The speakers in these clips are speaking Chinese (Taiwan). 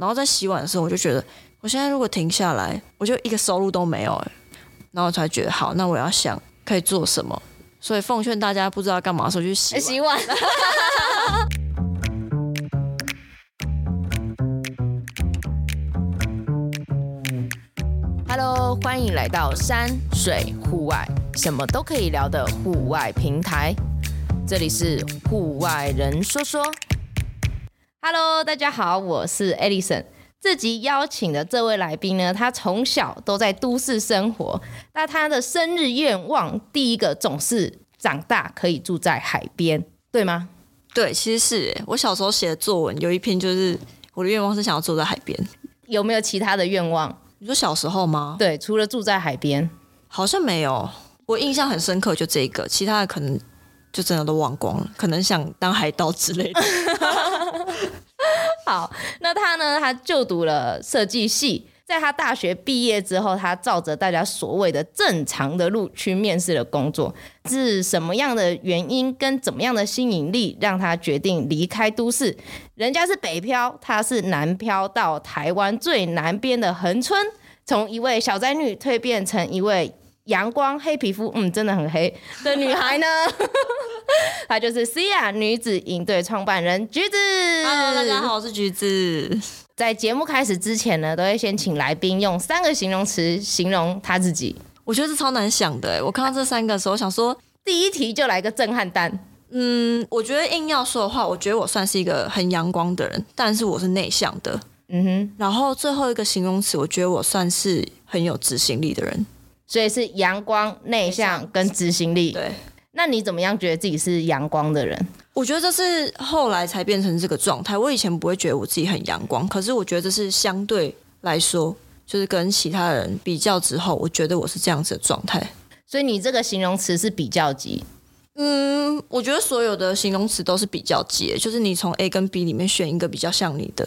然後在洗碗的時候，我就覺得，我現在如果停下來，我就一個收入都沒有、欸。然後我才覺得，好，那我要想可以做什麼。所以奉勸大家，不知道幹嘛的時候去洗碗、欸、洗碗 。 Hello，歡迎來到山水戶外，什麼都可以聊的戶外平台，這裡是戶外人說說。Hello，大家好，我是 Alyson。這集邀請的這位來賓呢，他從小都在都市生活。那他的生日願望，第一個總是長大可以住在海邊，對嗎？對，其實是我小時候寫的作文，有一篇就是我的願望是想要住在海邊。有沒有其他的願望？你說小時候嗎？對，除了住在海邊，好像沒有。我印象很深刻，就這一個，其他的可能就真的都忘光了。可能想當海盜之類的。 好，那他呢？他就讀了設計系，在他大學畢業之後，他照着大家所謂的正常的路去面試了工作。是什麼樣的原因跟怎麼樣的吸引力，讓他決定離開都市？人家是北漂，他是南漂到台灣最南邊的恆春，從一位小宅女蛻變成一位。陽光黑皮膚，嗯，真的很黑的女孩呢。 她就是 Seaya 女子營隊創辦人橘子。Hello, 大家好，我是橘子。在節目開始之前呢，都會先請來賓用三個形容詞形容她自己。我覺得是超難想的。哎，我看到這三個的時候，我想說第一題就來個震撼彈。嗯，我覺得硬要說的話，我覺得我算是一個很陽光的人，但是我是內向的。嗯哼，然後最後一個形容詞，我覺得我算是很有執行力的人。所以是陽光、內向跟執行力。對，那你怎麼樣覺得自己是陽光的人？我覺得這是後來才變成這個狀態。我以前不會覺得我自己很陽光，可是我覺得這是相對來說，就是跟其他人比較之後，我覺得我是這樣子的狀態。所以你這個形容詞是比較級？嗯，我覺得所有的形容詞都是比較級，就是你從 A 跟 B 裡面選一個比較像你的。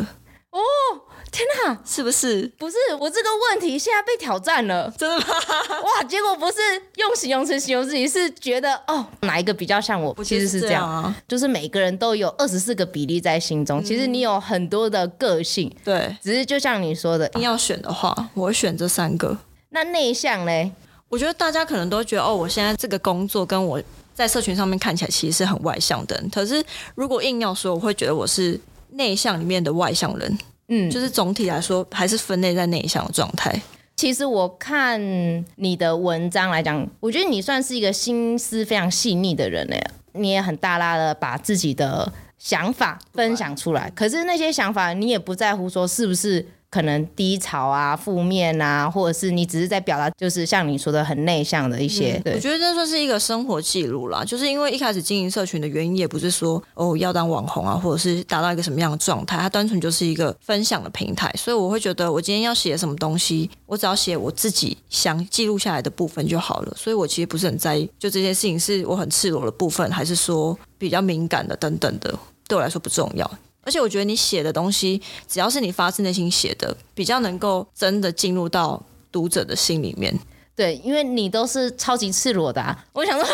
哦。天哪、啊，是不是？不是，我這個問題現在被挑戰了，真的嗎？哇，結果不是用形容詞形容自己，是覺得哦，哪一個比較像我？其實是這樣、啊，就是每個人都有二十四個比例在心中、嗯。其實你有很多的個性，對，只是就像你說的，硬要選的話，我選這三個。那內向嘞？我覺得大家可能都覺得哦，我現在這個工作跟我在社群上面看起來其實是很外向的人，可是如果硬要說，我會覺得我是內向裡面的外向人。嗯，就是總體來說，還是分類在內向的狀態。其實我看你的文章來講，我覺得你算是一個心思非常細膩的人嘞。你也很大大的把自己的想法分享出來，可是那些想法你也不在乎說是不是，可能低潮啊、負面啊，或者是你只是在表達，就是像你說的很內向的一些、嗯。我覺得這算是一個生活記錄啦，就是因為一開始經營社群的原因，也不是說哦要當網紅啊，或者是達到一個什麼樣的狀態，它單純就是一個分享的平台。所以我會覺得，我今天要寫什麼東西，我只要寫我自己想記錄下來的部分就好了。所以我其實不是很在意，就這件事情是我很赤裸的部分，還是說比較敏感的等等的，對我來說不重要。而且我覺得你寫的東西，只要是你發自內心寫的，比較能夠真的進入到讀者的心裡面。對，因為你都是超級赤裸的啊，我想說。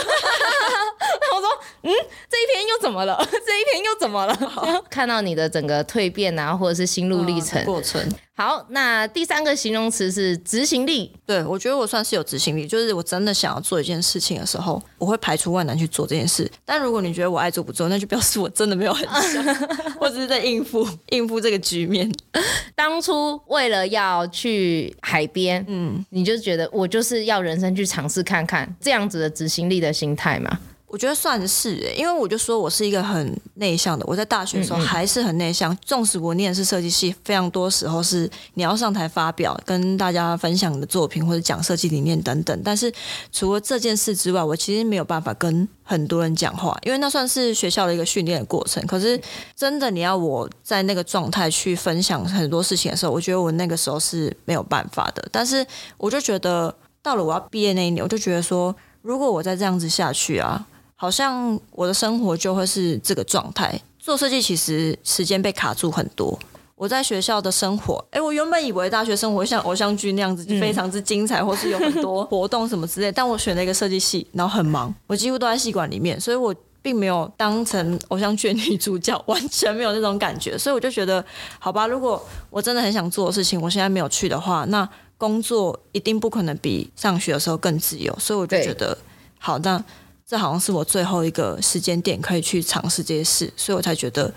那我說，嗯，這一篇又怎麼了？這一篇又怎麼了？看到你的整個蛻變啊，或者是心路歷程、嗯、過程。好，那第三個形容詞是執行力。對，我覺得我算是有執行力，就是我真的想要做一件事情的時候，我會排除萬難去做這件事。但如果你覺得我愛做不做，那就表示我真的沒有很想，我 只是在應付應付這個局面、嗯。當初為了要去海邊，嗯，你就覺得我就是要人生去嘗試看看這樣子的執行力的心態嘛。我覺得算是、欸，因為我就說我是一個很內向的，我在大學的時候還是很內向。嗯嗯、縱使我念是設計系，非常多時候是你要上台發表，跟大家分享的作品或者講設計理念等等。但是除了這件事之外，我其實沒有辦法跟很多人講話，因為那算是學校的一個訓練的過程。可是真的，你要我在那個狀態去分享很多事情的時候，我覺得我那個時候是沒有辦法的。但是我就覺得到了我要畢業那一年，我就覺得說，如果我再這樣子下去啊。好像我的生活就會是這個狀態。做設計其實時間被卡住很多。我在學校的生活，哎、欸，我原本以為大學生活像偶像劇那樣子，非常之精彩，嗯，或是有很多活動什麼之類。但我選了一個設計系，然後很忙，我幾乎都在系館裡面，所以我並沒有當成偶像劇女主角，完全沒有那種感覺。所以我就覺得，好吧，如果我真的很想做的事情，我現在沒有去的話，那工作一定不可能比上學的時候更自由。所以我就覺得，好的。那這好像是我最後一個時間點可以去嘗試這些事，所以我才覺得，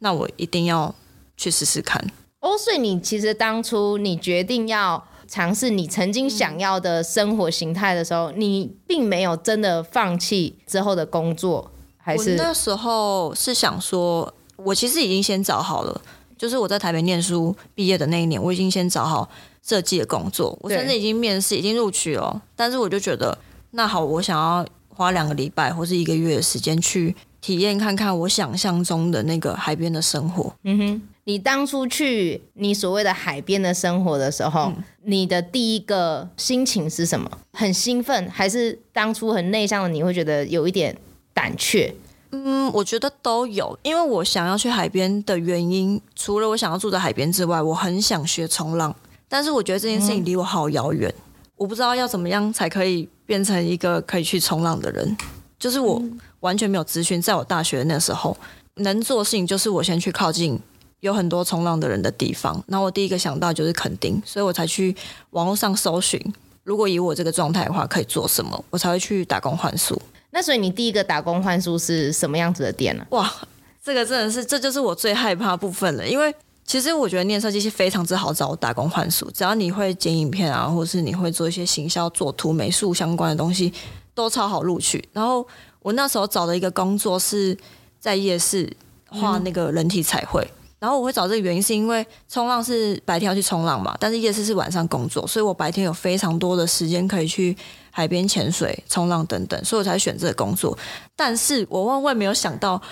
那我一定要去試試看。哦，所以你其實當初你決定要嘗試你曾經想要的生活形態的時候，你並沒有真的放棄之後的工作，還是，我那時候是想說，我其實已經先找好了，就是我在台北念書畢業的那一年，我已經先找好設計的工作，我甚至已經面試已經錄取了，但是我就覺得，那好，我想要。花兩個禮拜或是一個月的時間去體驗看看我想象中的那個海邊的生活。嗯哼，你當初去你所謂的海邊的生活的時候，嗯、你的第一個心情是什麼？很興奮，還是當初很內向的你會覺得有一點膽怯？嗯，我覺得都有。因為我想要去海邊的原因，除了我想要住在海邊之外，我很想學衝浪，但是我覺得這件事情離我好遙遠，嗯、我不知道要怎麼樣才可以。變成一個可以去衝浪的人，就是我完全沒有資訊。在我大學那時候，能做事情就是我先去靠近有很多衝浪的人的地方。然後我第一個想到就是墾丁，所以我才去網絡上搜尋，如果以我這個狀態的話可以做什麼，我才會去打工換宿。那所以你第一個打工換宿是什麼樣子的店呢？啊。哇，這個真的是這就是我最害怕的部分了，因為。其實我覺得念設計是非常之好找我打工換宿，只要你會剪影片啊，或是你會做一些行銷、做圖、美術相關的東西，都超好錄取。然後我那時候找的一個工作是在夜市畫那個人體彩繪。嗯。然後我會找這個原因是因為沖浪是白天要去沖浪嘛，但是夜市是晚上工作，所以我白天有非常多的時間可以去海邊潛水、衝浪等等，所以我才選這個工作。但是我萬萬沒有想到。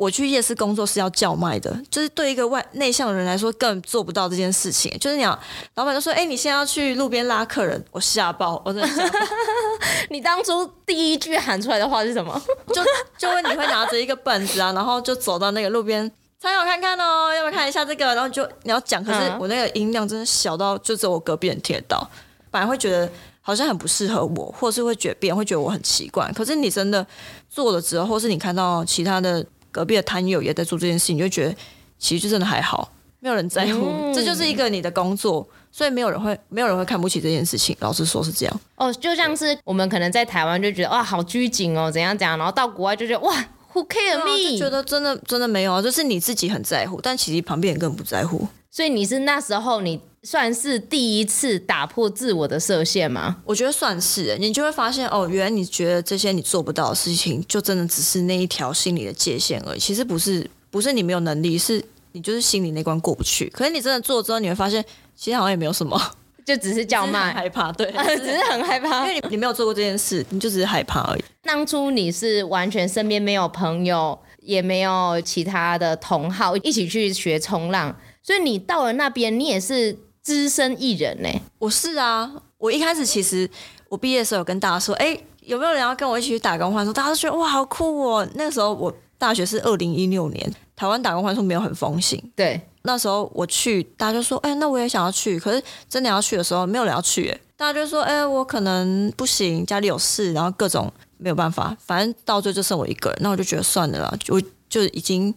我去夜市工作是要叫賣的，就是對一個外內向的人來說更做不到這件事情。就是講，老板就說：“哎、欸，你現在要去路邊拉客人。”我嚇爆，我真的嚇爆。 你當初第一句喊出來的話是什麼？就就問你會拿着一個本子啊， 然後就走到那個路邊，參考看看哦，要不要看一下這個？然後就你要講，可是我那個音量真的小到就只有我隔壁人聽得到。反而會覺得好像很不適合我，或是會覺得別人會覺得我很奇怪。可是你真的做了之後，或是你看到其他的。隔壁的攤友也在做這件事情，你就覺得其實就真的還好，沒有人在乎、嗯，這就是一個你的工作，所以沒有人會沒有人會看不起這件事情。老實說是這樣。哦，就像是我們可能在台灣就覺得哇，好拘謹哦、喔、怎樣怎樣。然後到國外就覺得哇，Who cares me？、啊、覺得真的真的沒有、啊、就是你自己很在乎，但其實旁邊人根本不在乎。所以你是那時候你。算是第一次打破自我的設限嗎？我覺得算是耶，你就會發現哦，原來你覺得這些你做不到的事情，就真的只是那一條心理的界限而已。其實不是，不是你沒有能力，是你就是心裡那關過不去。可是你真的做了之後，你會發現，其實好像也沒有什麼，就只是叫慢，害怕，對，只是很害怕， 因為你你沒有做過這件事， 你就只是害怕而已。當初你是完全身邊沒有朋友，也沒有其他的同好一起去學衝浪，所以你到了那邊，你也是。只身一人呢、欸？我是啊，我一開始其實我畢業的時候有跟大家說，誒、欸，有沒有人要跟我一起去打工換宿？大家都覺得哇，好酷哦！那個、時候我大學是二零一六年，台灣打工換宿沒有很風行。對，那時候我去，大家就說，誒、欸，那我也想要去。可是真的要去的時候，沒有人要去。誒，大家就說，誒、欸，我可能不行，家裡有事，然後各種沒有辦法。反正到最後就剩我一個人，那我就覺得算了啦，我就已經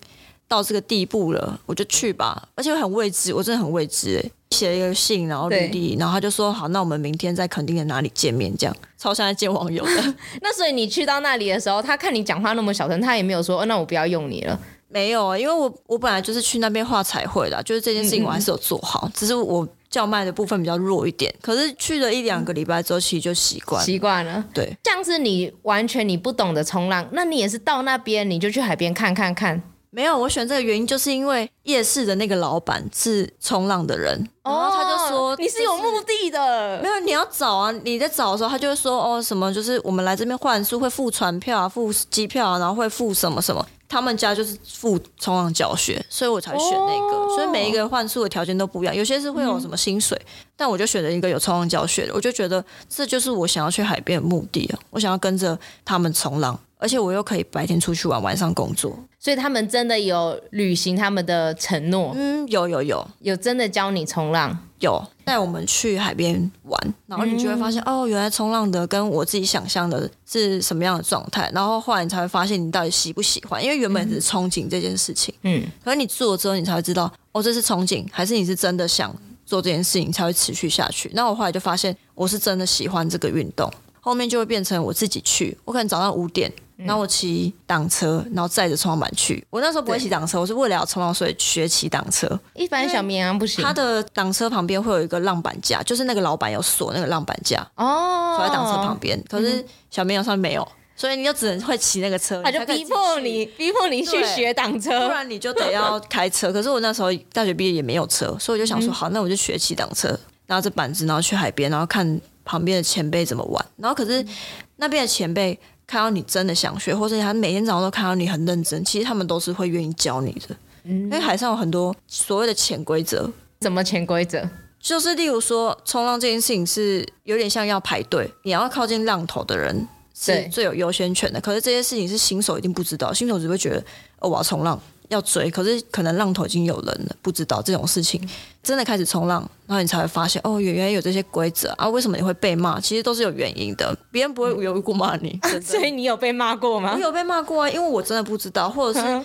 到這個地步了，我就去吧。而且我很未知，我真的很未知。欸。寫了一個信，然後履歷，然後他就說好，那我們明天在墾丁的哪裡見面？這樣超像在見網友的。 那所以你去到那裡的時候，他看你講話那麼小聲，他也沒有說，哦，那我不要用你了。沒有啊，因為我我本來就是去那邊畫彩繪的，就是這件事情我還是有做好，嗯嗯，只是我叫賣的部分比較弱一點。可是去了一兩個禮拜之後，嗯，其實就習慣習慣了。對，像是你完全你不懂得衝浪，那你也是到那邊你就去海邊看看看。沒有，我選這個原因就是因為夜市的那個老闆是衝浪的人，哦，然後他就說你是有目的的。沒有，你要找啊，你在找的時候，他就會說哦什麼，就是我們來這邊換宿會付船票啊，付機票啊，然後會付什麼什麼，他們家就是付衝浪教學，所以我才選那個。哦，所以每一個換宿的條件都不一樣，有些是會有什麼薪水，嗯，但我就選擇一個有衝浪教學的，我就覺得這就是我想要去海邊的目的啊，我想要跟着他們衝浪。而且我又可以白天出去玩，晚上工作，所以他們真的有履行他們的承諾。嗯，有有有，有真的教你衝浪，有帶我們去海邊玩，然後你就會發現、嗯、哦，原來衝浪的跟我自己想象的是什麼樣的狀態。然後後來你才會發現你到底喜不喜歡，因為原本只是憧憬這件事情。嗯，可是你做了之後，你才會知道哦，這是憧憬，還是你是真的想做這件事情，才會持續下去。那我後來就發現我是真的喜歡這個運動，後面就會變成我自己去，我可能早上五點。嗯、然後我騎擋車，然後載着衝浪板去。我那時候不會騎擋車，我是為了要衝浪所以學騎擋車。一般小綿羊不行。他的擋車旁邊會有一個浪板架，就是那個老板有鎖那個浪板架，哦、鎖在擋車旁邊。可是小綿羊上沒有、嗯，所以你就只能會騎那個車，他就逼迫你，你逼迫你去學擋車。不然你就得要開車。 可是我那時候大學畢業也沒有車，所以我就想說，好，那我就學騎擋車，拿着板子，然後去海邊，然後看旁邊的前輩怎麼玩。然後可是那邊的前輩。嗯看到你真的想學，或者他每天早上都看到你很認真，其實他們都是會願意教你的。嗯，因為海上有很多所謂的潛規則。什麼潛規則？就是例如說，衝浪這件事情是有點像要排隊，你要靠近浪頭的人是最有優先權的。可是這些事情是新手一定不知道，新手只會覺得哦，我要衝浪。要追，可是可能浪頭已經有人了，不知道這種事情，真的開始衝浪，然後你才會發現，哦，原來有這些規則啊，為什麼你會被罵？其實都是有原因的，別人不會無緣無故罵你。啊，所以你有被罵過嗎？我有被罵過啊，因為我真的不知道，或者是。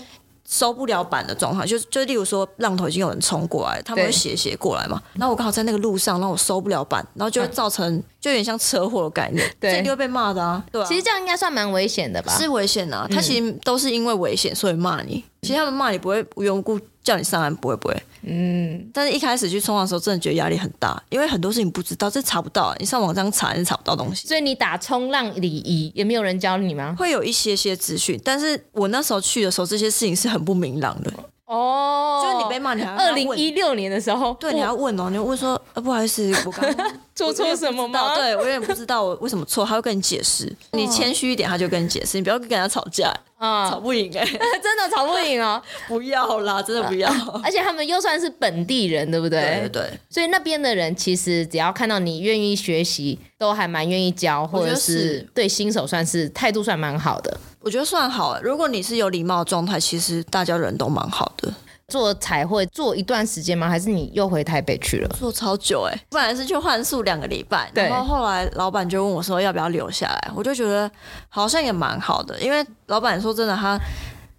收不了板的狀況，就就例如說浪頭已經有人衝過來，他們會斜斜過來嘛，然後我剛好在那個路上，那我收不了板，然後就會造成、嗯、就有點像車禍的概念，對，所以你會被罵的啊。對啊，其實這樣應該算蠻危險的吧？是危險啊，他其實都是因為危險所以罵你、嗯，其實他們罵你不會無緣無故。叫你上岸不會不會，嗯，但是一開始去衝浪的時候，真的覺得壓力很大，因為很多事情不知道，這查不到啊，你上網上查也是查不到東西。所以你打衝浪禮儀也沒有人教你嗎？會有一些些資訊，但是我那時候去的時候，這些事情是很不明朗的。哦、oh，就你被罵，你還二零一六年的時候。對，你要問哦、喔，你問說，呃，不好意思，我剛 做錯什麼嗎？對，我也不知道我為什麼錯，他會跟你解釋。Oh. 你謙虛一點，他就跟你解釋，你不要跟人家吵架，啊、uh,，吵不贏哎、欸， 真的吵不贏哦、喔， 不要啦，真的不要。 而且他們又算是本地人，對不對？對對,對。所以那邊的人其實只要看到你願意學習，都還蠻願意教，或者是對新手算是態度算蠻好的。我覺得算好了，如果你是有禮貌的狀態，其實大家人都蠻好的。做彩繪做一段時間嗎？還是你又回台北去了？做超久哎、欸，本來是去換宿兩個禮拜，然後後來老闆就問我說要不要留下來，我就覺得好像也蠻好的，因為老闆說真的，他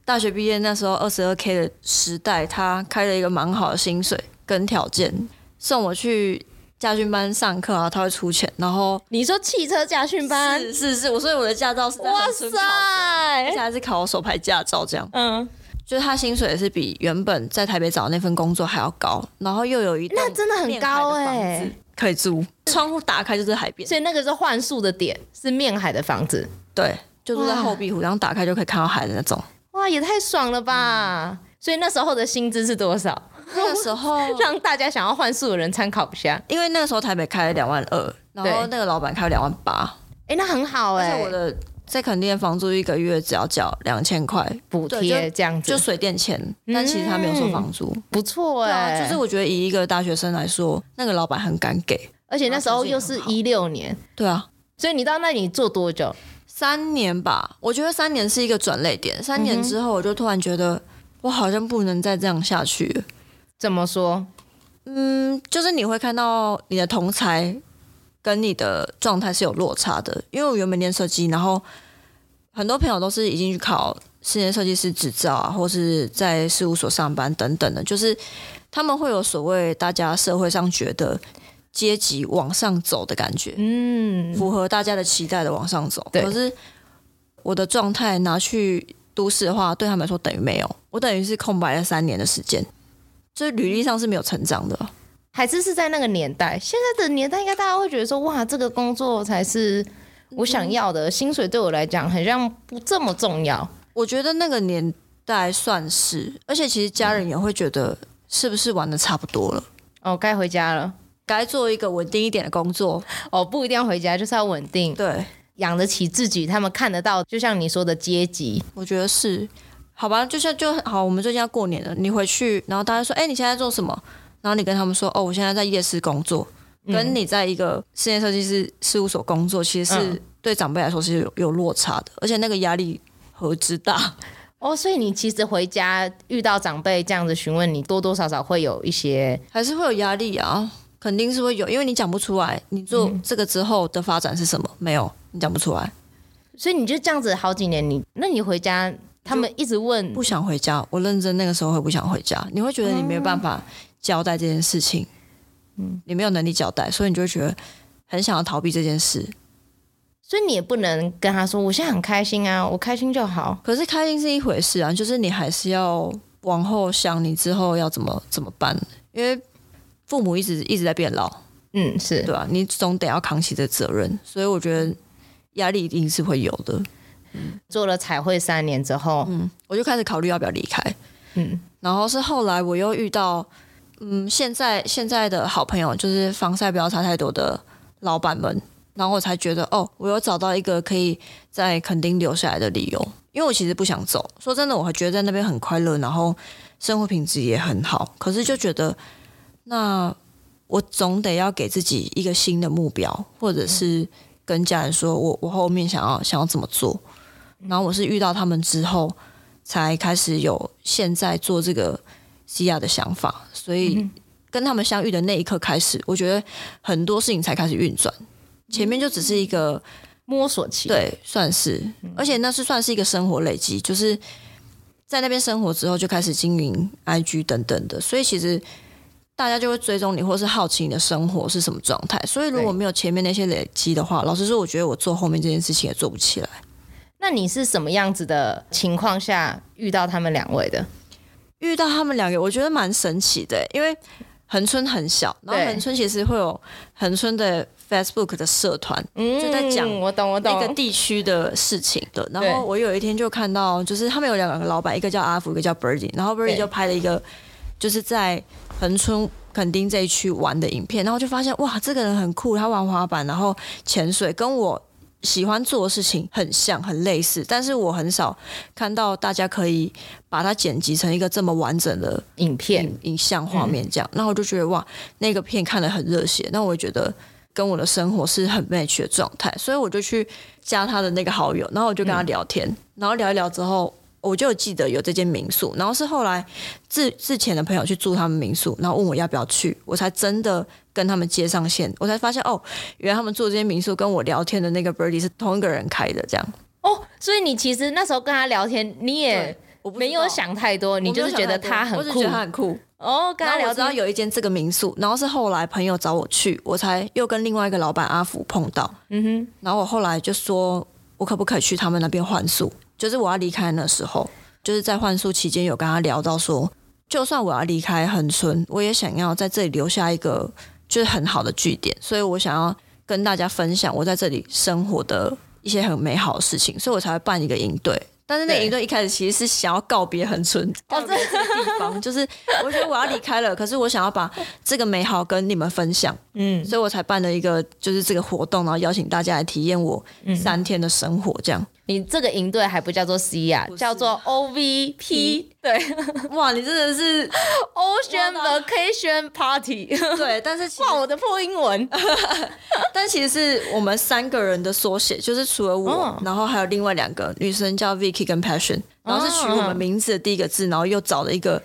大學畢業那時候二十二 K 的時代，他開了一個蠻好的薪水跟條件，送我去。駕訓班上課啊，他會出錢，然後你說汽車駕訓班是是是，我所以我的駕照是在哇塞，考的，現在是考我手排駕照這樣。嗯，就是他薪水也是比原本在台北找的那份工作還要高，然後又有一那真的很高哎、欸，可以租窗戶打開就是海邊， 所以那個是換宿的點，是面海的房子，對，就住在後壁湖，然後打開就可以看到海的那種，哇，哇也太爽了吧、嗯！所以那時候的薪資是多少？那個時候 讓大家想要換宿的人參考一下。因為那個時候台北開了兩萬二，然後那個老闆開了兩萬八，哎、欸，那很好哎、欸。我的在墾丁房租一個月只要繳兩千塊補貼，補貼這樣子就，就水電錢、嗯，但其實他沒有收房租，不錯哎、欸啊。就是我覺得以一個大學生來說，那個老闆很敢給，而且那時候又是一六年，年，對啊。所以你到那裡做多久？三年吧，我覺得三年是一個轉捩點，三年之後我就突然覺得我好像不能再這樣下去了。怎麼說？嗯，就是你會看到你的同儕跟你的狀態是有落差的。因為我原本念設計，然後很多朋友都是已經去考室內設計師執照啊，或是在事務所上班等等的，就是他們會有所謂大家社會上覺得階級往上走的感覺，嗯，符合大家的期待的往上走。對。可是我的狀態拿去都市的話，對他們來說等於沒有，我等於是空白了三年的時間。所以履歷上是沒有成長的，還是是在那個年代，現在的年代應該大家會覺得說，哇，這個工作才是我想要的，嗯，薪水對我來講好像不這麼重要。我覺得那個年代算是，而且其實家人也會覺得，是不是玩得差不多了，嗯，哦，該回家了，該做一個穩定一點的工作。哦，不一定要回家，就是要穩定，對，養得起自己，他們看得到，就像你說的階級，我覺得是。好吧，就像就好，我們最近要過年了，你回去，然後大家說，哎、欸，你現在，在做什麼？然後你跟他們說，哦，我現在在夜市工作，嗯、跟你在一個室內設計師事務所工作，其實是、嗯、對長輩來說是有有落差的，而且那個壓力何之大。哦，所以你其實回家遇到長輩這樣子詢問你，多多少少會有一些，還是會有壓力啊，肯定是會有，因為你講不出來，你做這個之後的發展是什麼？沒有，你講不出來、嗯，所以你就這樣子好幾年你，你那你回家。他們一直問不想回家，我認真那個時候會不想回家。你會覺得你沒有辦法交代這件事情，嗯，你沒有能力交代，所以你就會覺得很想要逃避這件事。所以你也不能跟他說，我現在很開心啊，我開心就好。可是開心是一回事啊，就是你還是要往後想，你之後要怎麼怎麼辦？因為父母一直一直在變老，嗯，是對吧？你總得要扛起這責任，所以我覺得壓力一定是會有的。做了彩繪三年之後，嗯，我就開始考慮要不要離開。嗯，然後是後來我又遇到，嗯，現在現在的好朋友就是防曬不要擦太多的老板們，然後我才覺得哦，我有找到一個可以在墾丁留下來的理由。因為我其實不想走，說真的，我還覺得在那邊很快樂，然後生活品質也很好。可是就覺得，那我總得要給自己一個新的目標，或者是跟家人說我我後面想要想要怎麼做。然後我是遇到他們之後，才開始有現在做這個 Seaya 的想法，所以跟他們相遇的那一刻開始，我覺得很多事情才開始運轉，前面就只是一個摸索期，對，算是，而且那是算是一個生活累積，就是在那邊生活之後就開始經營 IG 等等的，所以其實大家就會追蹤你，或是好奇你的生活是什麼狀態，所以如果沒有前面那些累積的話，老實說，我覺得我做後面這件事情也做不起來。那你是什麼樣子的情況下遇到他們兩位的？遇到他們兩個，我覺得蠻神奇的欸，因為恆春很小，然後恆春其實會有恆春的 Facebook 的社團，嗯，就在講我懂我懂那個地區的事情，對，然後我有一天就看到，就是他們有兩個老板，一個叫阿福，一個叫 Birdy，然後 Birdy 就拍了一個就是在恆春墾丁這一區玩的影片，然後就發現哇，這個人很酷，他玩滑板，然後潛水，跟我。喜歡做的事情很像，很類似，但是我很少看到大家可以把它剪輯成一個這麼完整的影片、影像、畫面這樣。那、嗯、我就覺得哇，那個片看得很熱血，那我覺得跟我的生活是很 match 的狀態，所以我就去加他的那個好友，然後我就跟他聊天，嗯、然後聊一聊之後，我就記得有這間民宿，然後是後來之之前的朋友去住他們民宿，然後問我要不要去，我才真的。跟他們接上線，我才發現哦，原來他們住這間民宿跟我聊天的那個 Birdie 是同一個人開的，這樣哦。所以你其實那時候跟他聊天，你也沒有想太多，你就是覺得他很酷，很酷哦。跟他聊到有一間這個民宿，然後是後來朋友找我去，我才又跟另外一個老闆阿福碰到，嗯哼。然後我後來就說，我可不可以去他們那邊換宿？就是我要離開那時候，就是在換宿期間有跟他聊到說，就算我要離開恆春，我也想要在這裡留下一個。就是很好的據點，所以我想要跟大家分享我在這裡生活的一些很美好的事情，所以我才會辦一個營隊。但是那營隊一開始其實是想要告別恆春，告別這個地方， 就是我覺得我要離開了， 可是我想要把這個美好跟你們分享，嗯，所以我才辦了一個就是這個活動，然後邀請大家來體驗我三天的生活這樣。你這個營隊還不叫做 C 啊，叫做 O V P，嗯、對， 哇，你真的是 Ocean Vacation Party 對，但是哇，我的破英文， 但其實是我們三個人的縮寫，就是除了我，哦，然後還有另外兩個女生叫 Vicky 跟 Passion，然後是取我們名字的第一個字，然後又找了一個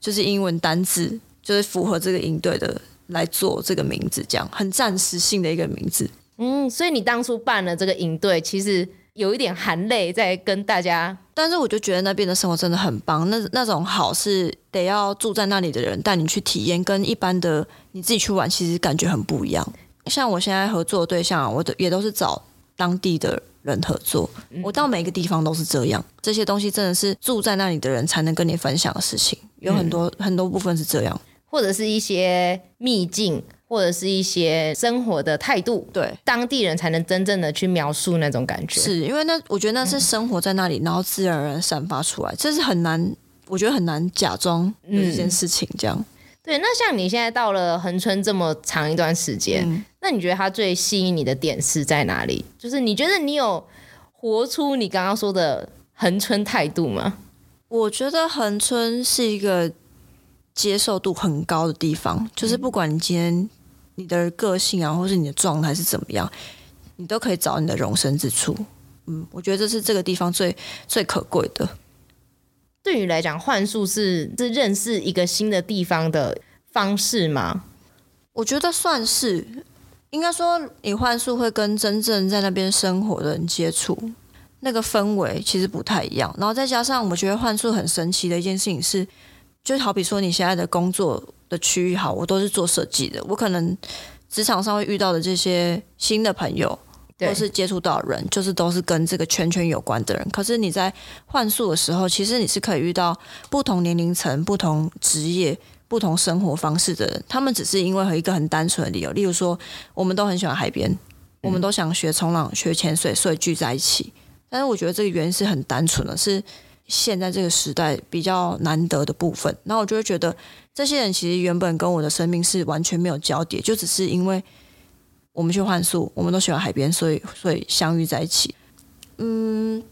就是英文單字，就是符合這個營隊的來做這個名字，這樣很暫時性的一個名字。嗯，所以你當初辦了這個營隊，其實。有一點含淚在跟大家，但是我就覺得那邊的生活真的很棒，那那種好是得要住在那裡的人帶你去體驗，跟一般的你自己去玩其實感覺很不一樣。像我現在合作的對象，我都也都是找當地的人合作，我到每個地方都是這樣，嗯。這些東西真的是住在那裡的人才能跟你分享的事情，有很多、嗯、很多部分是這樣，或者是一些秘境。或者是一些生活的態度，對當地人才能真正的去描述那種感覺，是因為，那我覺得那是生活在那裡、嗯，然後自然而然散發出來，這是很難，我覺得很難假裝有一件事情這樣、嗯。對，那像你現在到了恆春這麼長一段時間、嗯，那你覺得它最吸引你的點是在哪裡？就是你覺得你有活出你剛剛說的恆春態度嗎？我覺得恆春是一個接受度很高的地方，嗯、就是不管你今天。你的個性啊，或是你的狀態是怎麼樣，你都可以找你的容身之處。嗯，我覺得這是這個地方最最可貴的。對於你來講，換宿是是認識一個新的地方的方式嗎？我覺得算是。應該說，你換宿會跟真正在那邊生活的人接觸，那個氛圍其實不太一樣。然後再加上，我覺得換宿很神奇的一件事情是。就好比說你現在的工作的區域好，我都是做設計的，我可能職場上會遇到的這些新的朋友，都是接觸到人，就是都是跟這個圈圈有關的人。可是你在換宿的時候，其實你是可以遇到不同年齡層、不同職業、不同生活方式的人。他們只是因為和一個很單純的理由，例如說我們都很喜歡海邊、嗯，我們都想學衝浪、學潛水，所以聚在一起。但是我覺得這個原因是很單純的，是。現在這個時代比較難得的部分，然後我就會覺得，這些人其實原本跟我的生命是完全沒有交疊，就只是因為我們去換宿，我們都喜歡海邊，所以所以相遇在一起。嗯，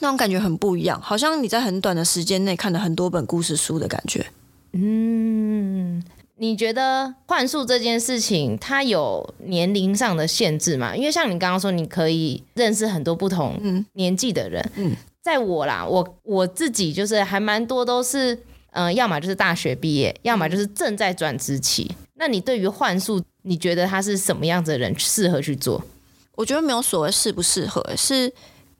那種感覺很不一樣，好像你在很短的時間內看了很多本故事書的感覺。嗯，你覺得換宿這件事情它有年齡上的限制嗎？因為像你剛剛說，你可以認識很多不同年紀的人。嗯。嗯在我啦，我我自己就是還蠻多都是，嗯、呃，要麼就是大學畢業，要麼就是正在轉職期。那你對於換宿，你覺得他是什麼樣子的人適合去做？我覺得沒有所謂適不適合、欸，是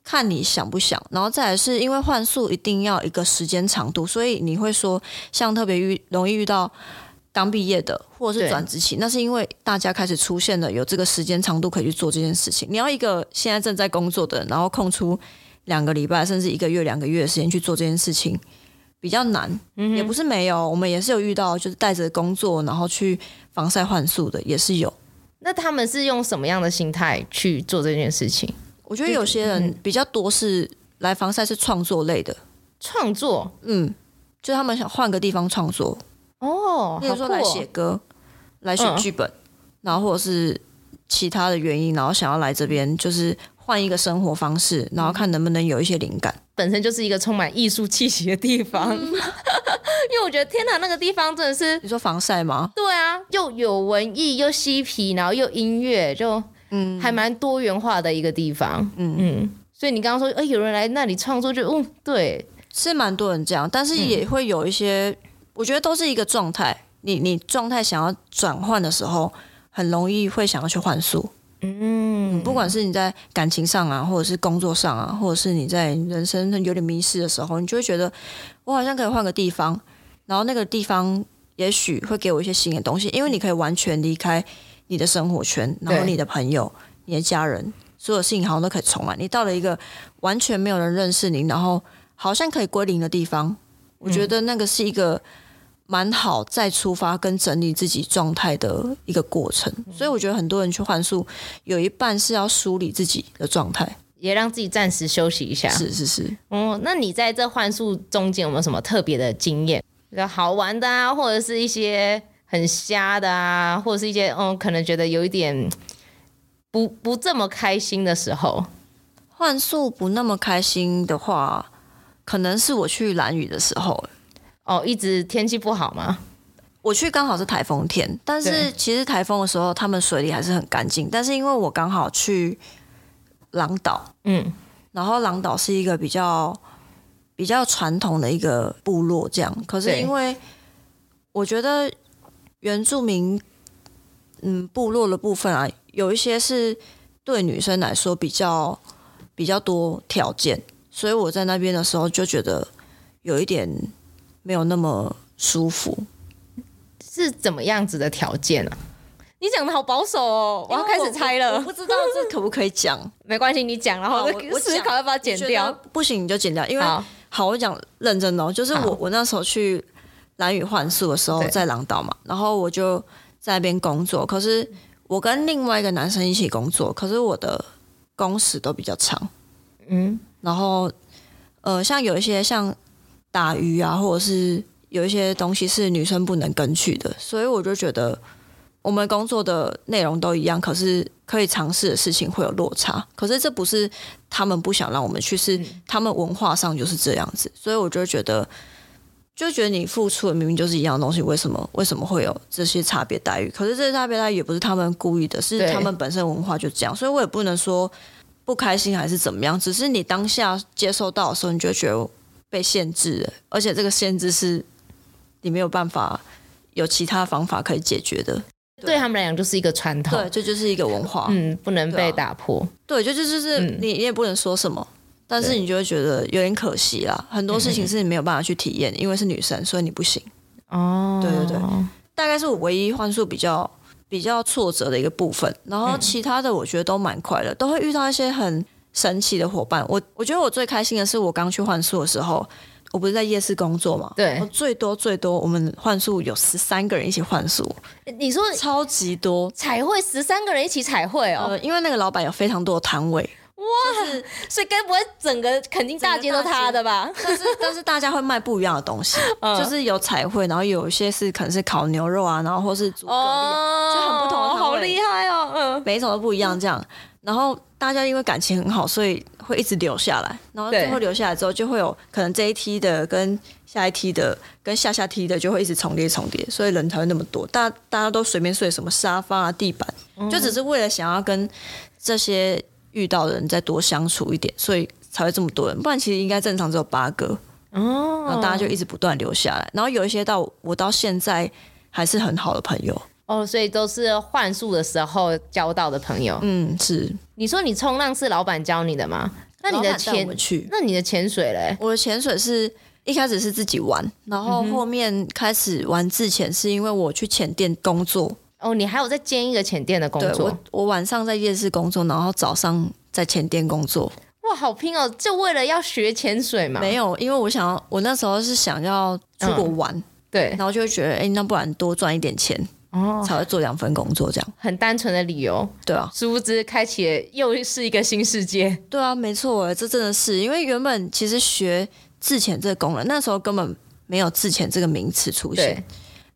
看你想不想。然後再來是因為換宿一定要一個時間長度，所以你會說像特別遇容易遇到剛畢業的或者是轉職期，那是因為大家開始出現了有這個時間長度可以去做這件事情。你要一個現在正在工作的人，然後空出。兩個禮拜甚至一個月，兩個月的時間去做這件事情比較難。嗯，也不是沒有，我們也是有遇到，就是帶着工作然後去防曬換宿的，也是有。那他們是用什麼樣的心態去做這件事情？我覺得有些人比較多是來防曬是創作類的，創作，嗯，嗯，就他們想換個地方創作，哦，比如說哦來寫歌、來寫劇本、嗯，然後或者是其他的原因，然後想要來這邊，就是。換一個生活方式，然後看能不能有一些靈感、嗯。本身就是一個充滿藝術氣息的地方，嗯，因為我覺得天堂那個地方真的是……你說防曬嗎？對啊，又有文藝，又嬉皮，然後又音樂，就嗯，還蠻多元化的一個地方。嗯嗯，所以你剛剛說，哎、欸，有人來那裡創作就，就嗯，對，是蠻多人這樣，但是也會有一些，嗯、我覺得都是一個狀態。你你狀態想要轉換的時候，很容易會想要去換宿。嗯，不管是你在感情上啊，或者是工作上啊，或者是你在人生有點迷失的時候，你就會覺得，我好像可以換個地方，然後那個地方也許會給我一些新的東西，因為你可以完全離開你的生活圈，然後你的朋友、你的家人，所有事情好像都可以重來。你到了一個完全沒有人認識你，然後好像可以歸零的地方，我覺得那個是一個。嗯蠻好，再出發跟整理自己狀態的一個過程。嗯，所以我覺得很多人去換宿有一半是要梳理自己的狀態，也讓自己暫時休息一下。是是是，嗯，那你在這換宿中間有沒有什麼特別的經驗？好玩的啊，或者是一些很瞎的啊，或者是一些嗯，可能覺得有一點不不這麼開心的時候，換宿不那麼開心的話，可能是我去蘭嶼的時候。哦，一直天氣不好嗎？我去剛好是台風天，但是其實台風的時候，他們水裡還是很乾淨。但是因為我剛好去狼島，嗯，然後狼島是一個比較比較傳統的一個部落，這樣。可是因為我覺得原住民，嗯，部落的部分啊，有一些是對女生來說比較比較多條件，所以我在那邊的時候就覺得有一點。沒有那麼舒服。是怎麼樣子的條件？啊、你講的好保守哦，我要開始猜了，不，不知道這可不可以講？ 沒關係，你講，然後我思考要不要剪掉。不行，你就剪掉，因為好，我講，認真哦。就是我我那時候去蘭嶼換宿的時候在，在朗島嘛，然後我就在那邊工作，可是，我跟另外一個男生一起工作，可是我的工時都比較長，嗯，然後呃，像有一些像。打魚啊，或者是有一些東西是女生不能跟去的，所以我就覺得我們工作的內容都一樣，可是可以嘗試的事情會有落差。可是這不是他們不想讓我們去，是他們文化上就是這樣子。所以我就覺得，就覺得你付出的明明就是一樣東西，為什麼為什麼會有這些差別待遇？可是這些差別待遇也不是他們故意的，是他們本身文化就這樣。所以我也不能說不開心還是怎麼樣，只是你當下接受到的時候，你就覺得。被限制了，而且這個限制是你沒有辦法有其他方法可以解決的。對，對他們來講，就是一個傳統，對，這就，就是一個文化，嗯，不能被打破。對、啊，對，就就是你也不能說什麼，嗯，但是你就會覺得有點可惜啊。很多事情是你沒有辦法去體驗，嗯，因為是女生，所以你不行。哦，對對對，大概是我唯一換宿比較比較挫折的一個部分。然後其他的，我覺得都蠻快樂，嗯，都會遇到一些很神奇的伙伴，我我覺得我最開心的是，我剛去換宿的時候，我不是在夜市工作嘛？對。最多最多，我們換宿有十三個人一起換宿。你說超級多彩繪，十三個人一起彩繪哦、呃？因為那個老板有非常多的攤位哇、就是，所以該不會整個墾丁大街都他的吧？但是但是大家會賣不一樣的東西， 就是有彩繪，然後有一些是可能是烤牛肉啊，然後或是煮蛤蜊、哦，就很不同的攤位，好厲害哦，嗯，每一種都不一樣這樣。嗯然後大家因為感情很好，所以會一直留下來。然後最後留下來之後，就會有可能這一梯的跟下一梯的跟下下梯的就會一直重疊重疊，所以人才會那麼多。大大家都隨便睡什麼沙發啊、地板，就只是為了想要跟這些遇到的人再多相處一點，所以才會這麼多人。不然其實應該正常只有八個。哦，然後大家就一直不斷留下來。然後有一些到我，我到現在還是很好的朋友。哦，所以都是換宿的時候交到的朋友。嗯，是。你說你衝浪是老闆教你的嗎？那你的潛，那你的潛水嘞？我的潛水是一開始是自己玩，然後後面開始玩自潛，是因為我去潛店工作。嗯。哦，你還有在兼一個潛店的工作我？我晚上在夜市工作，然後早上在潛店工作。哇，好拼哦！就為了要學潛水嘛？沒有，因為我想要，我那時候是想要出國玩。嗯、對，然後就會覺得，哎、欸，那不然多賺一點錢。哦，才會做兩份工作這樣，很單純的理由，對啊，殊不知開啟了又是一個新世界？對啊，沒錯，這真的是因為原本其實學自潛這個功能，那時候根本沒有自潛這個名詞出現，對，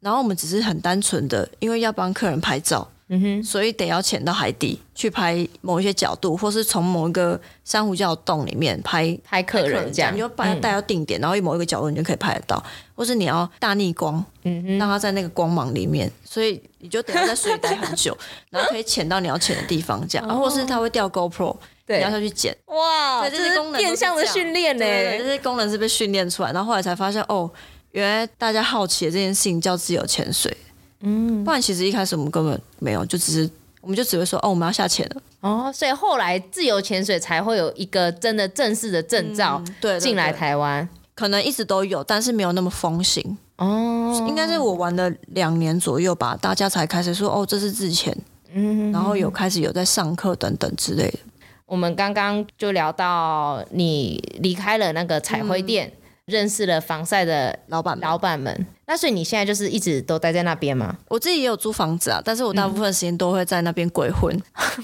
然後我們只是很單純的，因為要幫客人拍照。嗯哼，所以得要潛到海底去拍某一些角度，或是從某一個珊瑚礁洞裡面拍拍客人這樣，你就把它帶到定點，嗯、然後一某一個角度你就可以拍得到，或是你要大逆光，嗯哼，讓它在那個光芒裡面，所以你就等於在水待很久， 然後可以潛到你要潛的地方這樣，啊 或是他會掉 GoPro，對你要下去撿。哇、wow,，這是變相的訓練呢，這些、就是、功能是被訓練出來，然後後來才發現哦，原來大家好奇的這件事情叫自由潛水。嗯，不然其實一開始我們根本沒有，就只是我們就只會說哦，我們要下潛了。哦，所以後來自由潛水才會有一個真的正式的證照，對，進來台灣。嗯，對對對，可能一直都有，但是沒有那麼風行。哦，應該是我玩了兩年左右吧，大家才開始說哦，這是自潛。嗯哼哼，然後有開始有在上課等等之類的。我們剛剛就聊到你離開了那個彩繪店。嗯認識了防曬的老闆老闆們，那所以你現在就是一直都待在那邊嗎？我自己也有租房子啊，但是我大部分的時間都會在那邊鬼混。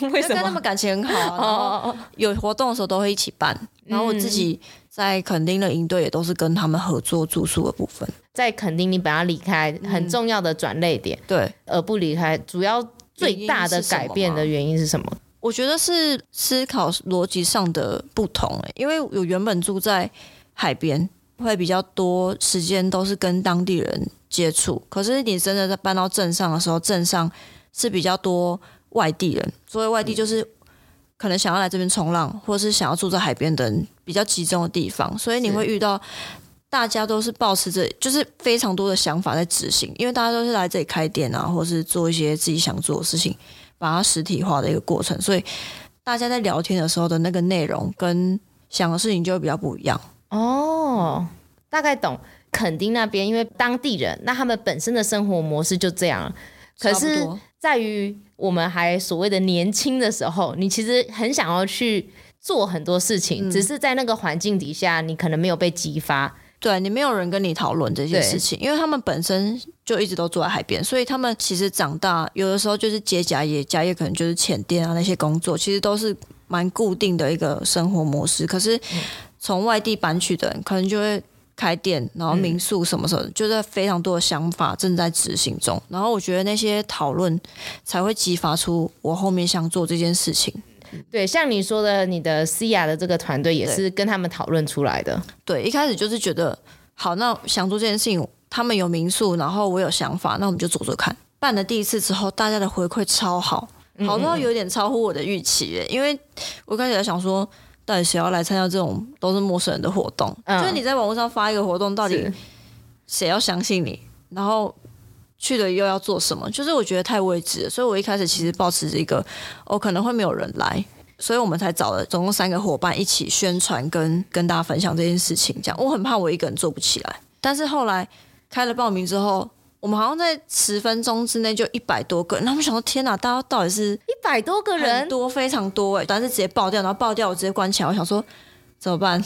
嗯、 為什麼？跟他們感情很好，然後有活動的時候都會一起辦。嗯、然後我自己在墾丁的營隊也都是跟他們合作住宿的部分。在墾丁，你本來離開很重要的轉捩點，對、嗯，而不離開主要最大的改變的原因是什麼？什麼，我覺得是思考邏輯上的不同、欸。哎，因為我原本住在海邊。會比較多時間都是跟當地人接觸，可是你真的在搬到鎮上的時候，鎮上是比較多外地人，所以外地就是可能想要來這邊衝浪，或是想要住在海邊的人比較集中的地方，所以你會遇到大家都是抱持著就是非常多的想法在執行，因為大家都是來這裡開店啊，或是做一些自己想做的事情，把它實體化的一個過程，所以大家在聊天的時候的那個內容跟想的事情就會比較不一樣。哦，大概懂。墾丁那邊，因為當地人，那他們本身的生活模式就這樣。可是，在於我們還所謂的年輕的時候，你其實很想要去做很多事情，嗯，只是在那個環境底下，你可能沒有被激發。對，你沒有人跟你討論這些事情，因為他們本身就一直都住在海邊，所以他們其實長大有的時候就是接家業，家業可能就是潛店啊，那些工作，其實都是蠻固定的一個生活模式。可是。嗯從外地搬去的人，可能就會開店，然後民宿什麼什麼，嗯、就在非常多的想法正在執行中。然後我覺得那些討論才會激發出我後面想做這件事情。對，像你說的，你的 Seaya 的這個團隊也是跟他們討論出來的對。對，一開始就是覺得好，那想做這件事情，他們有民宿，然後我有想法，那我們就做做看。辦了第一次之後，大家的回饋超好，好像有點超乎我的預期，嗯嗯。因為我開始想說。到底誰要來參加這種都是陌生人的活動？Uh, 就是你在網絡上發一個活動，到底誰要相信你？然後去了又要做什麼？就是我覺得太未知了，所以我一開始其實抱持一、這個，哦，可能會沒有人來，所以我們才找了總共三個伙伴一起宣傳，跟跟大家分享這件事情。這樣我很怕我一個人做不起來，但是後來開了報名之後。我們好像在十分鐘之內就一百多個人，我們我想說，天哪，大家到底是一百多個人，多非常多哎，但是直接爆掉，然後爆掉，我直接關起來。我想說怎麼辦？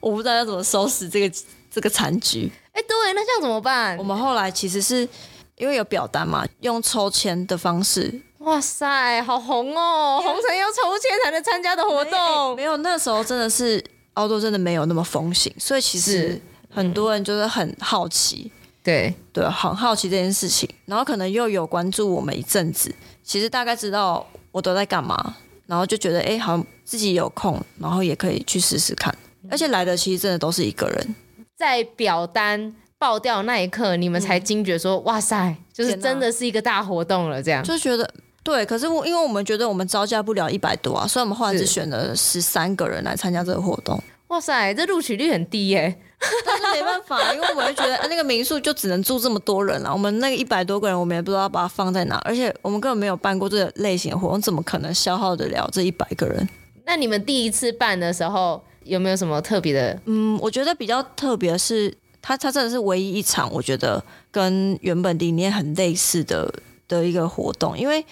我不知道要怎麼收拾這個 這個殘局。哎、欸，對欸，那這樣怎麼辦？我們後來其實是因為有表單嘛，用抽籤的方式。哇塞，好紅哦，紅塵要抽籤才能參加的活動。欸欸欸、沒有，那時候真的是澳洲真的沒有那麼風行，所以其實、嗯、很多人就是很好奇。對對，很好奇這件事情，然後可能又有關注我們一陣子，其實大概知道我都在幹嘛，然後就覺得哎、欸，好像自己有空，然後也可以去試試看。而且來的其實真的都是一個人。在表單爆掉那一刻，你們才驚覺說、嗯、哇塞，就是真的是一個大活動了這樣。啊、就覺得對，可是我因為我們覺得我們招架不了一百多啊，所以我們後來只選了十三個人來參加這個活動。哇塞，這錄取率很低耶，欸！但是沒辦法，因為我們就覺得那個民宿就只能住這麼多人了。我們那個一百多個人，我們也不知道把它放在哪，而且我們根本沒有辦過這個類型的活動，怎麼可能消耗得了這一百個人？那你們第一次辦的時候有沒有什麼特別的？嗯，我覺得比較特別的是，它它真的是唯一一場我覺得跟原本裡面很類似的的一個活動，因為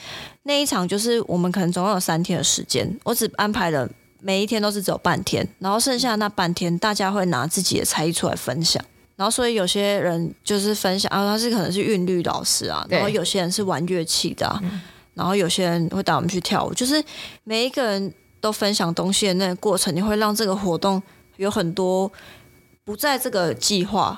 那一場就是我們可能總共有三天的時間，我只安排了。每一天都是只有半天，然後剩下那半天，大家會拿自己的才藝出來分享。然後，所以有些人就是分享啊，他是可能是韻律老師啊，然後有些人是玩樂器的、啊嗯，然後有些人會帶我們去跳舞。就是每一個人都分享東西的那個過程，你會讓這個活動有很多不在這個計劃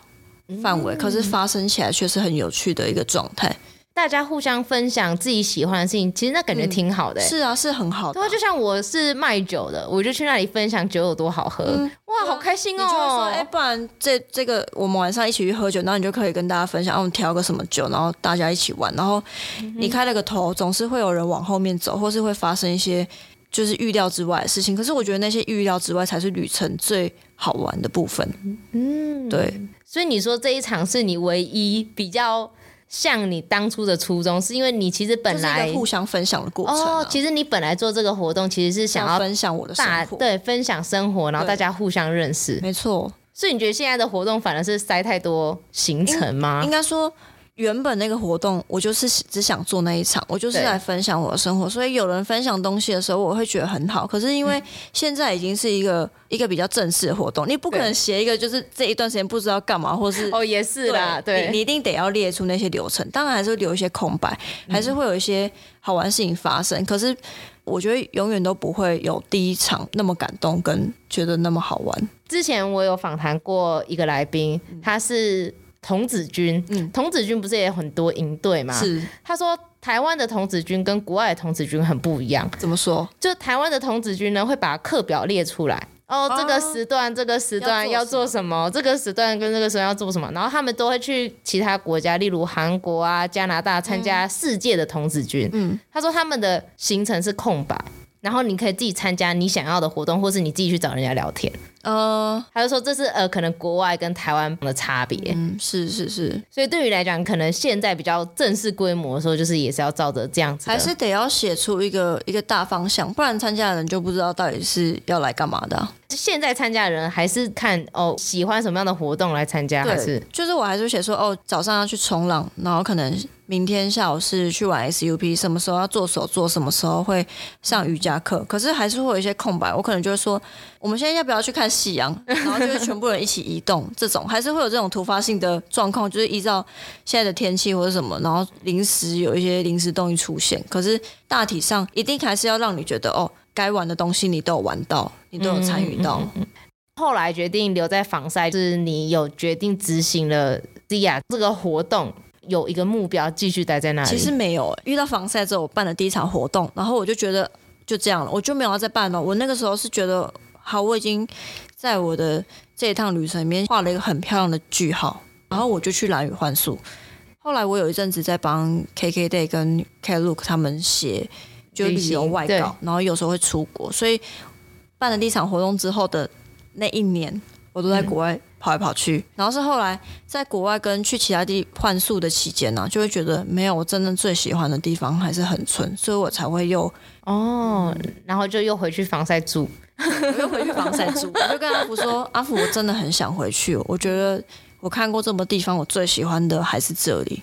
範圍，嗯、可是發生起來卻是很有趣的一個狀態。大家互相分享自己喜歡的事情，其實那感覺挺好的，欸嗯。是啊，是很好的。然後就像我是賣酒的，我就去那裡分享酒有多好喝。嗯、哇、啊，好開心哦！就會說，哎、欸，不然這這個我們晚上一起去喝酒，然後你就可以跟大家分享，我們挑個什麼酒，然後大家一起玩。然後你開了個頭，嗯、總是會有人往後面走，或是會發生一些就是預料之外的事情。可是我覺得那些預料之外才是旅程最好玩的部分。嗯，對。所以你說這一場是你唯一比較。像你當初的初衷，是因為你其實本來、就是、互相分享的過程、啊。哦，其實你本來做這個活動，其實是想要想分享我的生活，對，分享生活，然後大家互相認識。對，沒錯，所以你覺得現在的活動反而是塞太多行程嗎？應該說。原本那個活動，我就是只想做那一場，我就是來分享我的生活。所以有人分享東西的時候，我會覺得很好。可是因為現在已經是一個、嗯、一個比較正式的活動，你不可能寫一個就是這一段時間不知道幹嘛，或是哦，也是啦，對，對，你，你一定得要列出那些流程。當然還是會留一些空白、嗯，還是會有一些好玩的事情發生。可是我覺得永遠都不會有第一場那麼感動，跟覺得那麼好玩。之前我有訪談過一個來賓，嗯、他是。童子軍，嗯，童子軍不是也很多營隊嗎？是。他說，台灣的童子軍跟國外的童子軍很不一樣。怎麼說？就台灣的童子軍呢，會把課表列出來。哦，這個時段，啊、這個時段要做，要做什麼？這個時段跟這個時段要做什麼？然後他們都會去其他國家，例如韓國啊、加拿大，參加世界的童子軍。嗯。嗯。他說他們的行程是空白，然後你可以自己參加你想要的活動，或是你自己去找人家聊天。呃，還有說這是呃，可能國外跟台灣的差別。嗯，是是是。所以對於來講，可能現在比較正式規模的時候，就是也是要照着這樣子。還是得要寫出一個一個大方向，不然參加的人就不知道到底是要來幹嘛的啊。現在參加的人還是看哦，喜歡什麼樣的活動來參加，對，還是就是我還是寫說哦，早上要去衝浪，然後可能明天下午是去玩 SUP，什麼時候要做手作，什麼時候會上瑜伽課，可是還是會有一些空白，我可能就是說我們現在要不要去看？夕陽，然後就是全部人一起移動，這種還是會有這種突發性的狀況，就是依照現在的天氣或者什麼，然後臨時有一些臨時東西出現。可是大體上一定還是要讓你覺得，哦，該玩的東西你都有玩到，你都有參與到。嗯嗯嗯、後來決定留在防曬，是你有決定執行了 Seaya 這個活動，有一個目標繼續待在那裡。其實沒有，遇到防曬之後我辦了第一場活動，然後我就覺得就這樣了，我就沒有要再辦了。我那個時候是覺得。好，我已經在我的這趟旅程裡面畫了一個很漂亮的句號，然後我就去蘭嶼換宿。後來我有一陣子在幫 KK Day 跟 Klook 他們寫旅遊外稿，然後有時候會出國，所以辦了第一場活動之後的那一年，我都在國外跑來跑去、嗯。然後是後來在國外跟去其他地換宿的期間呢、啊，就會覺得沒有我真正最喜歡的地方還是恆春，所以我才會又哦，然後就又回去防曬住。我又回去防曬住，我就跟阿福說：“ 阿福，我真的很想回去。我覺得我看過這麼多地方，我最喜歡的還是這裡。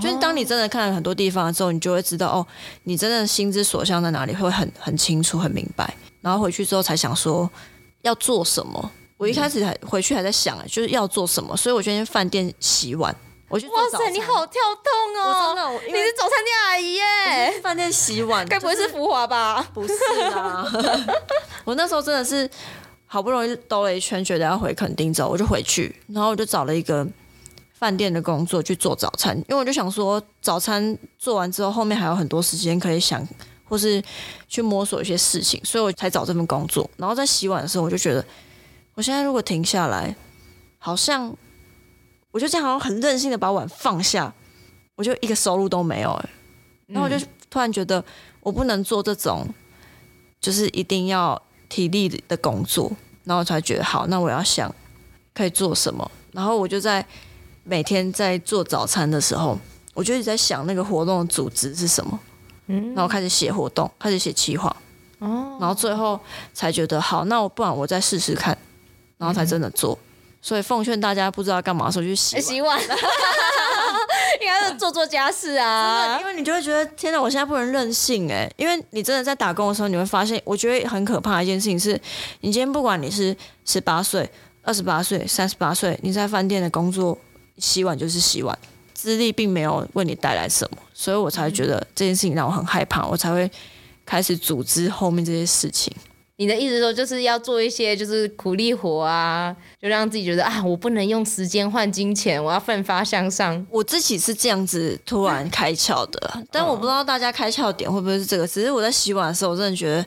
就是當你真的看了很多地方之後，你就會知道哦，你真的心之所向在哪裡，會很很清楚、很明白。然後回去之後才想說要做什麼。我一開始還回去還在想就是要做什麼，所以我先去飯店洗碗。”我哇塞，你好跳動哦！常常你是早餐店阿姨耶、欸？飯店洗碗，該不會是浮華吧？就是、不是啦、啊 我那時候真的是好不容易兜了一圈，覺得要回墾丁走，我就回去，然後我就找了一個飯店的工作去做早餐，因為我就想說，早餐做完之後，後面還有很多時間可以想，或是去摸索一些事情，所以我才找這份工作。然後在洗碗的時候，我就覺得，我現在如果停下來，好像。我就這樣好像很任性的把碗放下，我就一個收入都沒有、欸，哎、嗯，然後我就突然覺得我不能做這種，就是一定要體力的工作，然後才覺得好，那我要想可以做什麼，然後我就在每天在做早餐的時候，我就一直在想那個活動的組織是什麼，然後開始寫活動，嗯、開始寫企劃，然後最後才覺得好，那我不然我再試試看，然後才真的做。所以奉勸大家，不知道幹嘛的時候去洗洗碗，欸、洗 應該是做做家事啊。 因為你就會覺得，天哪，我現在不能任性哎、欸。因為你真的在打工的時候，你會發現，我覺得很可怕的一件事情是，你今天不管你是十八歲、二十八歲、三十八歲，你在飯店的工作，洗碗就是洗碗，資歷並沒有為你帶來什麼。所以我才覺得這件事情讓我很害怕，我才會開始組織後面這些事情。你的意思說，就是要做一些就是苦力活啊，就讓自己覺得啊，我不能用時間換金錢，我要奮發向上。我自己是這樣子突然開竅的、嗯，但我不知道大家開竅點會不會是這個、嗯。只是我在洗碗的時候，我真的覺得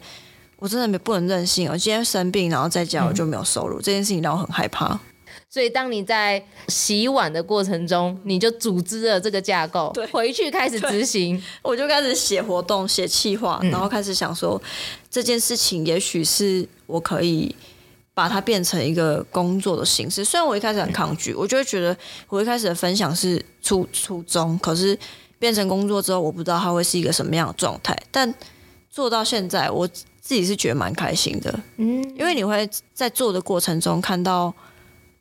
我真的沒不能任性。我今天生病，然後在家，我就沒有收入、嗯，這件事情讓我很害怕。所以，當你在洗碗的過程中，你就組織了這個架構，對，回去開始執行，對，我就開始寫活動，寫企劃，然後開始想說，嗯、這件事情也許是我可以把它變成一個工作的形式。雖然我一開始很抗拒，嗯、我就會覺得我一開始的分享是初初衷，可是變成工作之後，我不知道它會是一個什麼樣的狀態。但做到現在，我自己是覺得蠻開心的，嗯，因為你會在做的過程中看到。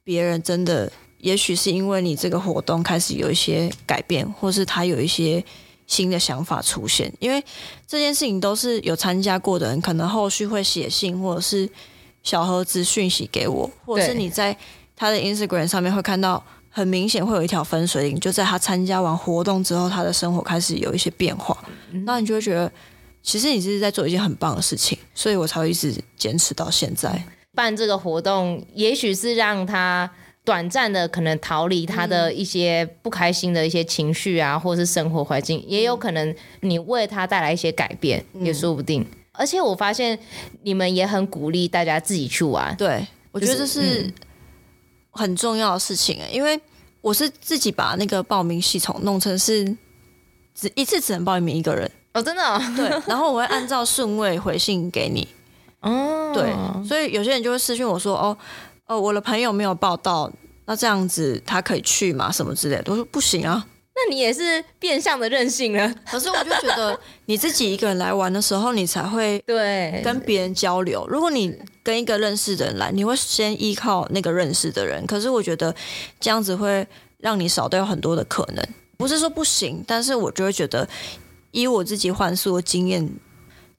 別人真的，也許是因為你這個活動開始有一些改變，或是他有一些新的想法出現。因為這件事情都是有參加過的人，可能後續會寫信或者是小盒子訊息給我，或者是你在他的 Instagram 上面會看到，很明顯會有一條分水嶺，就在他參加完活動之後，他的生活開始有一些變化。嗯、那你就會覺得，其實你這是在做一件很棒的事情，所以我才會一直堅持到現在。辦這個活動，也許是讓他短暫的可能逃離他的一些不開心的一些情緒啊、嗯，或是生活環境、嗯，也有可能你為他帶來一些改變、嗯，也說不定。而且我發現你們也很鼓勵大家自己去玩，對、就是，我覺得這是很重要的事情、欸嗯。因為我是自己把那個報名系統弄成是只一次只能報名一個人哦，真的、哦、對。然後我會按照順位回信給你。 哦、oh.，對，所以有些人就會私信我說，哦，哦、呃，我的朋友沒有報到，那這樣子他可以去嗎？什麼之類的，都說不行啊。那你也是變相的任性啊。可是我就覺得 你自己一個人來玩的時候，你才會對跟別人交流。如果你跟一個認識的人來，你會先依靠那個認識的人。可是我覺得這樣子會讓你少掉很多的可能。不是說不行，但是我就會覺得以我自己換宿的經驗。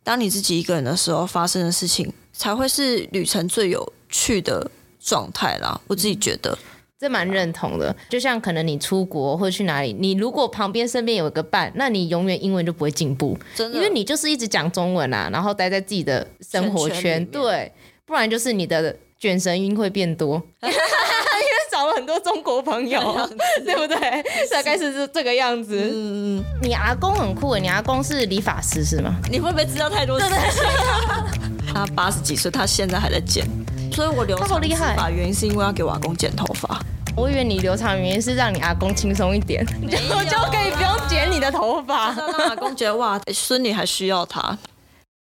當你自己一個人的時候，發生的事情才會是旅程最有趣的狀態啦。我自己覺得，這蠻認同的。就像可能你出國或者去哪裡，你如果旁邊身邊有一個伴，那你永遠英文就不會進步，真的，因為你就是一直講中文啊，然後待在自己的生活圈，圈對，不然就是你的卷舌音會變多。 了很多中國朋友，對不對？大概是是這個樣子。嗯嗯你阿公很酷，你阿公是理髮師是嗎？你會不會知道太多事對對對對 他八十幾歲，他現在還在剪。 所以我留長好厲害。原因是因為要給我阿公剪頭髮。我以為你留長，原因是讓你阿公輕鬆一點，我 就可以不用剪你的頭髮。 阿公覺得哇，欸，孫女還需要他。